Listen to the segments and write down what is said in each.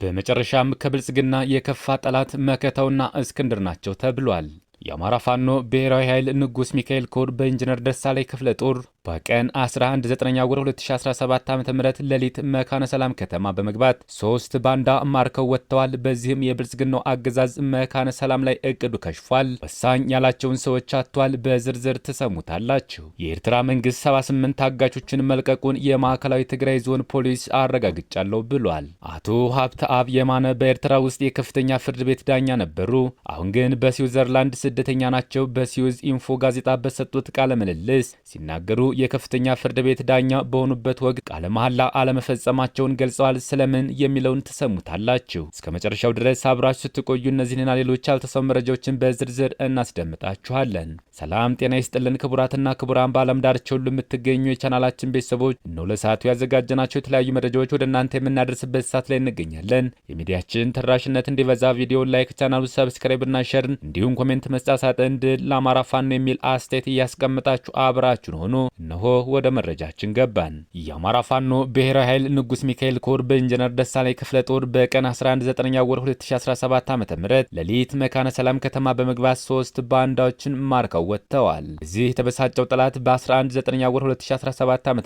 በመጨረሻም ከብልጽግና የከፋ ጠላት መከታውና እስክንድር ናቸው ተብሏል። የአማራ ፋኖ ብሔራዊ ኃይል ንጉስ ሚካኤል ኮር በኢንጂነር ደሳላይ ክፍለ ጦር በቀን 11 9 ወር 2017 ዓ ም ሌሊት መካነ ሰላም ከተማ በመግባት ሶስት ባንዳ ማርከው ወጥተዋል። በዚህም የብልጽግናው አገዛዝ መካነ ሰላም ላይ እቅዱ ከሽፏል። ወሳኝ ያላቸውን ሰዎች አጥቷል። በዝርዝር ትሰሙታላችሁ። የኤርትራ መንግስት 78 ታጋቾችን መልቀቁን የማዕከላዊ ትግራይ ዞን ፖሊስ አረጋግጫለሁ ብሏል። አቶ አብ የማነ በኤርትራ ውስጥ የከፍተኛ ፍርድ ቤት ዳኛ ነበሩ። አሁን ግን በስዊዘርላንድ ስደተኛ ናቸው። በስዊዝ ኢንፎ ጋዜጣ በሰጡት ቃለ ምልልስ ሲናገሩ የከፍተኛ ፍርድ ቤት ዳኛ በሆኑበት ወቅት ቃለ መሐላ አለመፈጸማቸውን ገልጸዋል። ስለምን የሚለውን ትሰሙታላችሁ። እስከ መጨረሻው ድረስ አብራችሁ ስትቆዩ እነዚህንና ሌሎች ያልተሰሙ መረጃዎችን በዝርዝር እናስደምጣችኋለን። ሰላም ጤና ይስጥልን ክቡራትና ክቡራን፣ በዓለም ዳርቻ ሁሉ የምትገኙ የቻናላችን ቤተሰቦች እነሆ ለሰዓቱ ያዘጋጀናቸው የተለያዩ መረጃዎች ወደ እናንተ የምናደርስበት ሰዓት ላይ እንገኛለን። የሚዲያችን ተደራሽነት እንዲበዛ ቪዲዮ ላይክ፣ ቻናሉ ሰብስክራይብና ሸርን እንዲሁም ኮሜንት መስጫ ሳጥን ድል ለአማራ ፋኖ የሚል አስተያየት እያስቀመጣችሁ አብራችሁን ሆኑ እነሆ ወደ መረጃችን ገባን። የአማራ ፋኖ ብሔራዊ ኃይል ንጉስ ሚካኤል ኮር በኢንጂነር ደሳላይ ክፍለ ጦር በቀን 11/9 ወር 2017 ዓ.ም ሌሊት መካነ ሰላም ከተማ በመግባት ሶስት ባንዳዎችን ማርከው ወጥተዋል። እዚህ የተበሳጨው ጠላት በ 11 ወር 2017 ዓ.ም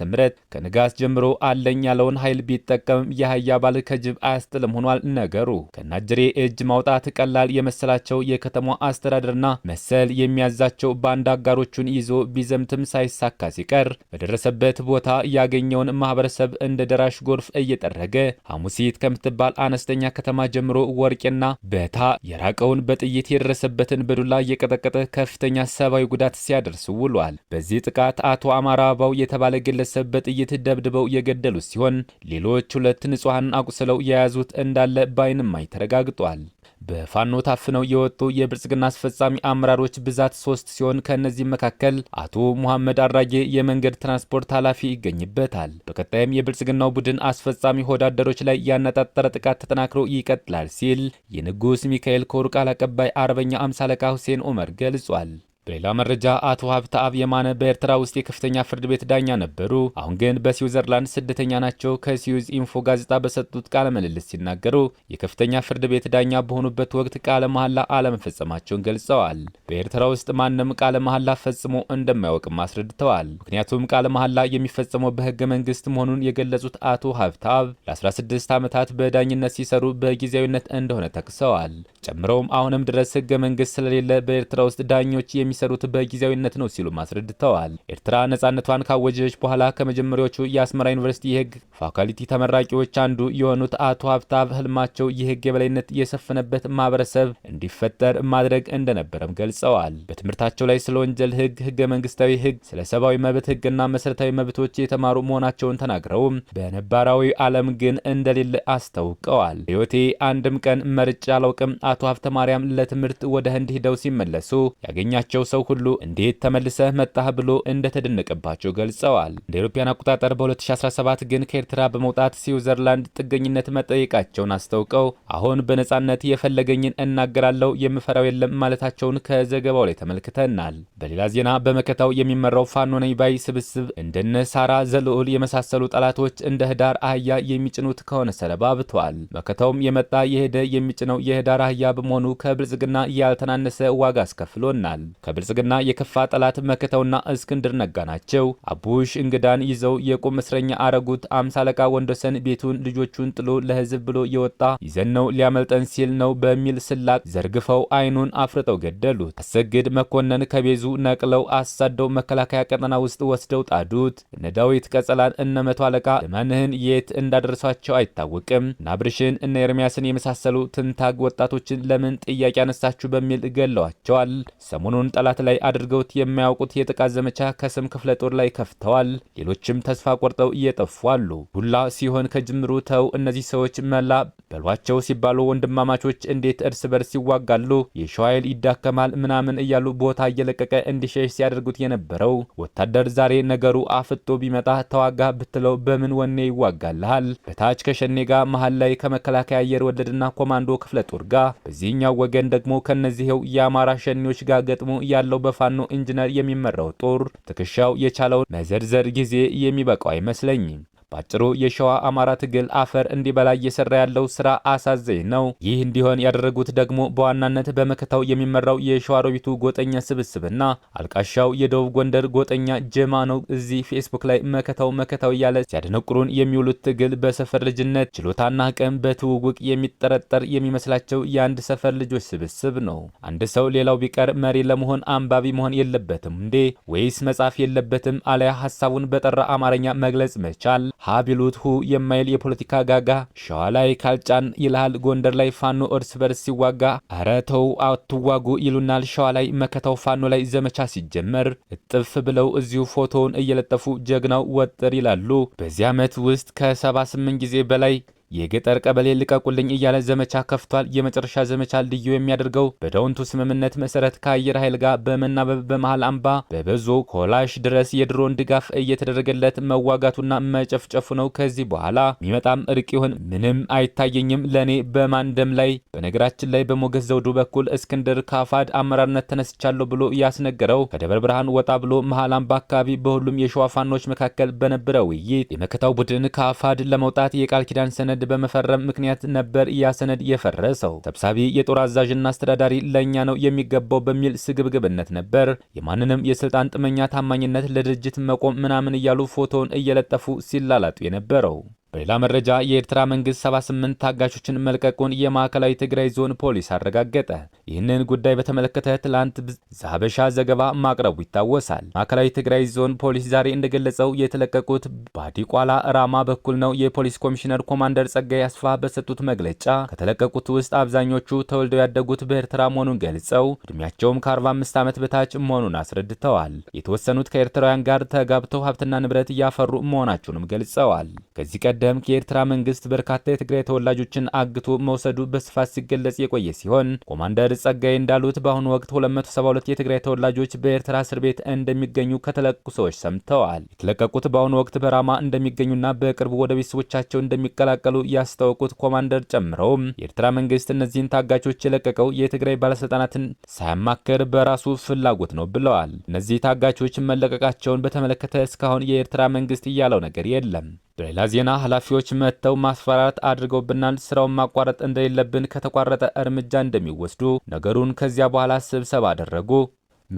ከንጋት ጀምሮ አለኝ ያለውን ኃይል ቢጠቀም የአህያ ባል ከጅብ አያስጥልም ሆኗል ነገሩ። ከናጅሬ እጅ ማውጣት ቀላል የመሰላቸው የከተማ አስተዳደርና መሰል የሚያዛቸው ባንዳ አጋሮቹን ይዞ ቢዘምትም ሳይሳካ ሲቀ ሳይቀር በደረሰበት ቦታ ያገኘውን ማህበረሰብ እንደ ደራሽ ጎርፍ እየጠረገ ሐሙሲት ከምትባል አነስተኛ ከተማ ጀምሮ ወርቄና በታ የራቀውን በጥይት የደረሰበትን በዱላ እየቀጠቀጠ ከፍተኛ ሰብአዊ ጉዳት ሲያደርስ ውሏል። በዚህ ጥቃት አቶ አማራ አበባው የተባለ ግለሰብ በጥይት ደብድበው የገደሉት ሲሆን ሌሎች ሁለት ንጹሐን አቁስለው የያዙት እንዳለ በአይን ተረጋግጧል። በፋኖ ታፍነው የወጡ የብልጽግና አስፈጻሚ አመራሮች ብዛት ሶስት ሲሆን ከእነዚህ መካከል አቶ ሙሐመድ አራጌ የመንገድ ትራንስፖርት ኃላፊ ይገኝበታል። በቀጣይም የብልጽግናው ቡድን አስፈጻሚ ወዳደሮች ላይ ያነጣጠረ ጥቃት ተጠናክሮ ይቀጥላል ሲል የንጉስ ሚካኤል ኮር ቃል አቀባይ አርበኛ አምሳለቃ ሁሴን ኡመር ገልጿል። በሌላ መረጃ አቶ ሀብተአብ የማነ በኤርትራ ውስጥ የከፍተኛ ፍርድ ቤት ዳኛ ነበሩ። አሁን ግን በስዊዘርላንድ ስደተኛ ናቸው። ከስዊዝ ኢንፎ ጋዜጣ በሰጡት ቃለ ምልልስ ሲናገሩ የከፍተኛ ፍርድ ቤት ዳኛ በሆኑበት ወቅት ቃለ መሐላ አለመፈጸማቸውን ገልጸዋል። በኤርትራ ውስጥ ማንም ቃለ መሐላ ፈጽሞ እንደማያውቅም አስረድተዋል። ምክንያቱም ቃለ መሐላ የሚፈጸመው በህገ መንግስት መሆኑን የገለጹት አቶ ሀብተአብ ለ16 ዓመታት በዳኝነት ሲሰሩ በጊዜያዊነት እንደሆነ ጠቅሰዋል። ጨምረውም አሁንም ድረስ ህገ መንግስት ስለሌለ በኤርትራ ውስጥ ዳኞች የሚ የሚሰሩት በጊዜያዊነት ነው ሲሉም አስረድተዋል። ኤርትራ ነጻነቷን ካወጀች በኋላ ከመጀመሪያዎቹ የአስመራ ዩኒቨርሲቲ የህግ ፋካልቲ ተመራቂዎች አንዱ የሆኑት አቶ ሀብታብ ህልማቸው የህግ የበላይነት የሰፈነበት ማህበረሰብ እንዲፈጠር ማድረግ እንደነበረም ገልጸዋል። በትምህርታቸው ላይ ስለ ወንጀል ህግ፣ ህገ መንግስታዊ ህግ፣ ስለ ሰብአዊ መብት ህግና መሰረታዊ መብቶች የተማሩ መሆናቸውን ተናግረው በነባራዊ ዓለም ግን እንደሌለ አስታውቀዋል። ህይወቴ አንድም ቀን መርጬ አላውቅም። አቶ ሀብተ ማርያም ለትምህርት ወደ ህንድ ሂደው ሲመለሱ ያገኛቸው ያገኛቸው ሰው ሁሉ እንዴት ተመልሰህ መጣህ ብሎ እንደተደነቀባቸው ገልጸዋል። እንደ አውሮፓውያን አቆጣጠር በ2017 ግን ከኤርትራ በመውጣት ስዊዘርላንድ ጥገኝነት መጠየቃቸውን አስታውቀው አሁን በነጻነት የፈለገኝን እናገራለሁ የምፈራው የለም ማለታቸውን ከዘገባው ላይ ተመልክተናል። በሌላ ዜና በመከታው የሚመራው ፋኖ ነኝ ባይ ስብስብ እንደነ ሳራ ዘልዑል የመሳሰሉ ጠላቶች እንደ ህዳር አህያ የሚጭኑት ከሆነ ሰለባ መከታውም የመጣ የሄደ የሚጭነው የህዳር አህያ በመሆኑ ከብልጽግና ያልተናነሰ ዋጋ አስከፍሎናል። ከብልጽግና የከፋ ጠላት መክተውና እስክንድር ነጋ ናቸው። አቡሽ እንግዳን ይዘው የቁም እስረኛ አረጉት። አምሳ አለቃ ወንዶሰን ቤቱን ልጆቹን ጥሎ ለህዝብ ብሎ የወጣ ይዘን ነው ሊያመልጠን ሲል ነው በሚል ስላቅ ዘርግፈው አይኑን አፍርጠው ገደሉት። አሰግድ መኮንን ከቤዙ ነቅለው አሳደው መከላከያ ቀጠና ውስጥ ወስደው ጣዱት። እነ ዳዊት ቀጸላን እነ መቶ አለቃ ለማንህን የት እንዳደረሷቸው አይታወቅም። እነ አብርሽን እነ ኤርሚያስን የመሳሰሉ ትንታግ ወጣቶችን ለምን ጥያቄ አነሳችሁ በሚል ገለዋቸዋል። ሰሞኑን ጠላት ላይ አድርገውት የማያውቁት የጥቃት ዘመቻ ከስም ክፍለ ጦር ላይ ከፍተዋል። ሌሎችም ተስፋ ቆርጠው እየጠፉ አሉ። ሁላ ሲሆን ከጅምሩ ተው እነዚህ ሰዎች መላ በሏቸው ሲባሉ ወንድማማቾች እንዴት እርስ በርስ ይዋጋሉ፣ የሸዋ ኃይል ይዳከማል ምናምን እያሉ ቦታ እየለቀቀ እንዲሸሽ ሲያደርጉት የነበረው ወታደር ዛሬ ነገሩ አፍጦ ቢመጣ ተዋጋ ብትለው በምን ወኔ ይዋጋልሃል? በታች ከሸኔ ጋር መሀል ላይ ከመከላከያ አየር ወለድና ኮማንዶ ክፍለ ጦር ጋር በዚህኛው ወገን ደግሞ ከነዚህው የአማራ ሸኔዎች ጋር ገጥሞ ያለው በፋኖ ኢንጂነር የሚመራው ጦር ትከሻው የቻለውን መዘርዘር ጊዜ የሚበቃው አይመስለኝም። በአጭሩ የሸዋ አማራ ትግል አፈር እንዲበላ እየሰራ ያለው ስራ አሳዘኝ ነው። ይህ እንዲሆን ያደረጉት ደግሞ በዋናነት በመከታው የሚመራው የሸዋ ሮቢቱ ጎጠኛ ስብስብና አልቃሻው የደቡብ ጎንደር ጎጠኛ ጀማ ነው። እዚህ ፌስቡክ ላይ መከታው መከታው እያለ ሲያደነቁሩን የሚውሉት ትግል በሰፈር ልጅነት ችሎታና አቅም በትውውቅ የሚጠረጠር የሚመስላቸው የአንድ ሰፈር ልጆች ስብስብ ነው። አንድ ሰው ሌላው ቢቀር መሪ ለመሆን አንባቢ መሆን የለበትም እንዴ? ወይስ መጻፍ የለበትም? አለያ ሀሳቡን በጠራ አማርኛ መግለጽ መቻል ሀቢሉትሁ የማይል የፖለቲካ ጋጋ ሸዋ ላይ ካልጫን ይልሃል። ጎንደር ላይ ፋኖ እርስ በርስ ሲዋጋ አረተው አትዋጉ ይሉናል። ሸዋ ላይ መከታው ፋኖ ላይ ዘመቻ ሲጀመር እጥፍ ብለው እዚሁ ፎቶውን እየለጠፉ ጀግናው ወጥር ይላሉ። በዚህ ዓመት ውስጥ ከ78 ጊዜ በላይ የገጠር ቀበሌ ልቀቁልኝ እያለ ዘመቻ ከፍቷል። የመጨረሻ ዘመቻ ልዩ የሚያደርገው በዳውንቱ ስምምነት መሰረት ከአየር ኃይል ጋር በመናበብ በመሃል አምባ በበዞ ኮላሽ ድረስ የድሮን ድጋፍ እየተደረገለት መዋጋቱና መጨፍጨፉ ነው። ከዚህ በኋላ የሚመጣም እርቅ ይሁን ምንም አይታየኝም ለእኔ በማንደም ላይ በነገራችን ላይ በሞገስ ዘውዱ በኩል እስክንድር ካፋድ አመራርነት ተነስቻለሁ ብሎ ያስነገረው ከደብረ ብርሃን ወጣ ብሎ መሃል አምባ አካባቢ በሁሉም የሸዋ ፋኖች መካከል በነበረ ውይይት የመከታው ቡድን ካፋድ ለመውጣት የቃል ኪዳን ሰነድ ሰነድ በመፈረም ምክንያት ነበር ያ ሰነድ የፈረሰው። ሰብሳቢ የጦር አዛዥና አስተዳዳሪ ለእኛ ነው የሚገባው በሚል ስግብግብነት ነበር። የማንንም የስልጣን ጥመኛ ታማኝነት ለድርጅት መቆም ምናምን እያሉ ፎቶውን እየለጠፉ ሲላላጡ የነበረው በሌላ መረጃ የኤርትራ መንግስት 78 ታጋቾችን መልቀቁን የማዕከላዊ ትግራይ ዞን ፖሊስ አረጋገጠ። ይህንን ጉዳይ በተመለከተ ትላንት ዛበሻ ዘገባ ማቅረቡ ይታወሳል። ማዕከላዊ ትግራይ ዞን ፖሊስ ዛሬ እንደገለጸው የተለቀቁት ባዲቋላ ራማ በኩል ነው። የፖሊስ ኮሚሽነር ኮማንደር ጸጋይ አስፋ በሰጡት መግለጫ ከተለቀቁት ውስጥ አብዛኞቹ ተወልደው ያደጉት በኤርትራ መሆኑን ገልጸው እድሜያቸውም ከ45 ዓመት በታች መሆኑን አስረድተዋል። የተወሰኑት ከኤርትራውያን ጋር ተጋብተው ሀብትና ንብረት እያፈሩ መሆናቸውንም ገልጸዋል። ከዚህ ቀደም ቀደም የኤርትራ መንግስት በርካታ የትግራይ ተወላጆችን አግቶ መውሰዱ በስፋት ሲገለጽ የቆየ ሲሆን ኮማንደር ጸጋይ እንዳሉት በአሁኑ ወቅት 272 የትግራይ ተወላጆች በኤርትራ እስር ቤት እንደሚገኙ ከተለቀቁ ሰዎች ሰምተዋል። የተለቀቁት በአሁኑ ወቅት በራማ እንደሚገኙና በቅርቡ ወደ ቤተሰቦቻቸው እንደሚቀላቀሉ ያስታወቁት ኮማንደር ጨምረውም የኤርትራ መንግስት እነዚህን ታጋቾች የለቀቀው የትግራይ ባለስልጣናትን ሳያማከር በራሱ ፍላጎት ነው ብለዋል። እነዚህ ታጋቾች መለቀቃቸውን በተመለከተ እስካሁን የኤርትራ መንግስት እያለው ነገር የለም። በሌላ ዜና ኃላፊዎች መጥተው ማስፈራራት አድርገውብናል፣ ስራውን ማቋረጥ እንደሌለብን ከተቋረጠ እርምጃ እንደሚወስዱ ነገሩን ከዚያ በኋላ ስብሰባ አደረጉ።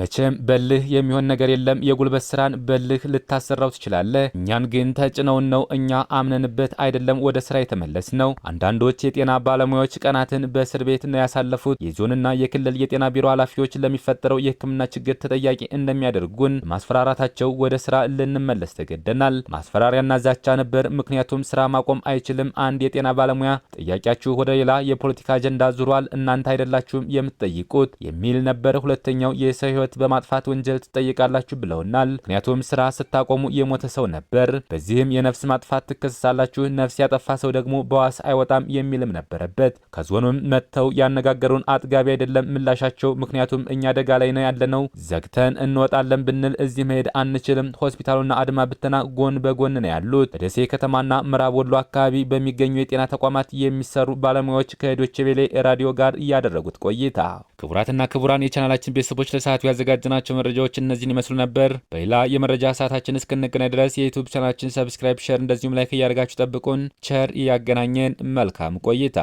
መቼም በልህ የሚሆን ነገር የለም። የጉልበት ስራን በልህ ልታሰራው ትችላለህ። እኛን ግን ተጭነውን ነው። እኛ አምነንበት አይደለም ወደ ስራ የተመለስ ነው። አንዳንዶች የጤና ባለሙያዎች ቀናትን በእስር ቤት ነው ያሳለፉት። የዞንና የክልል የጤና ቢሮ ኃላፊዎች ለሚፈጠረው የሕክምና ችግር ተጠያቂ እንደሚያደርጉን ማስፈራራታቸው ወደ ስራ ልንመለስ ተገደናል። ማስፈራሪያና ዛቻ ነበር። ምክንያቱም ስራ ማቆም አይችልም። አንድ የጤና ባለሙያ ጥያቄያችሁ ወደ ሌላ የፖለቲካ አጀንዳ ዙሯል፣ እናንተ አይደላችሁም የምትጠይቁት የሚል ነበር። ሁለተኛው የሰው ህይወት በማጥፋት ወንጀል ትጠይቃላችሁ ብለውናል። ምክንያቱም ስራ ስታቆሙ የሞተ ሰው ነበር። በዚህም የነፍስ ማጥፋት ትከሰሳላችሁ፣ ነፍስ ያጠፋ ሰው ደግሞ በዋስ አይወጣም የሚልም ነበረበት። ከዞኑም መጥተው ያነጋገሩን አጥጋቢ አይደለም ምላሻቸው። ምክንያቱም እኛ አደጋ ላይ ነው ያለነው፣ ዘግተን እንወጣለን ብንል እዚህ መሄድ አንችልም። ሆስፒታሉና አድማ ብተና ጎን በጎን ነው ያሉት። በደሴ ከተማና ምዕራብ ወሎ አካባቢ በሚገኙ የጤና ተቋማት የሚሰሩ ባለሙያዎች ከዶቼ ራዲዮ ጋር እያደረጉት ቆይታ ክቡራትና ክቡራን የቻናላችን ቤተሰቦች ለሰዓት ያዘጋጀናቸው መረጃዎች እነዚህን ይመስሉ ነበር። በሌላ የመረጃ ሰዓታችን እስክንገናኝ ድረስ የዩቱብ ቻናችን ሰብስክራይብ፣ ሸር እንደዚሁም ላይክ እያደርጋችሁ ጠብቁን። ቸር እያገናኘን መልካም ቆይታ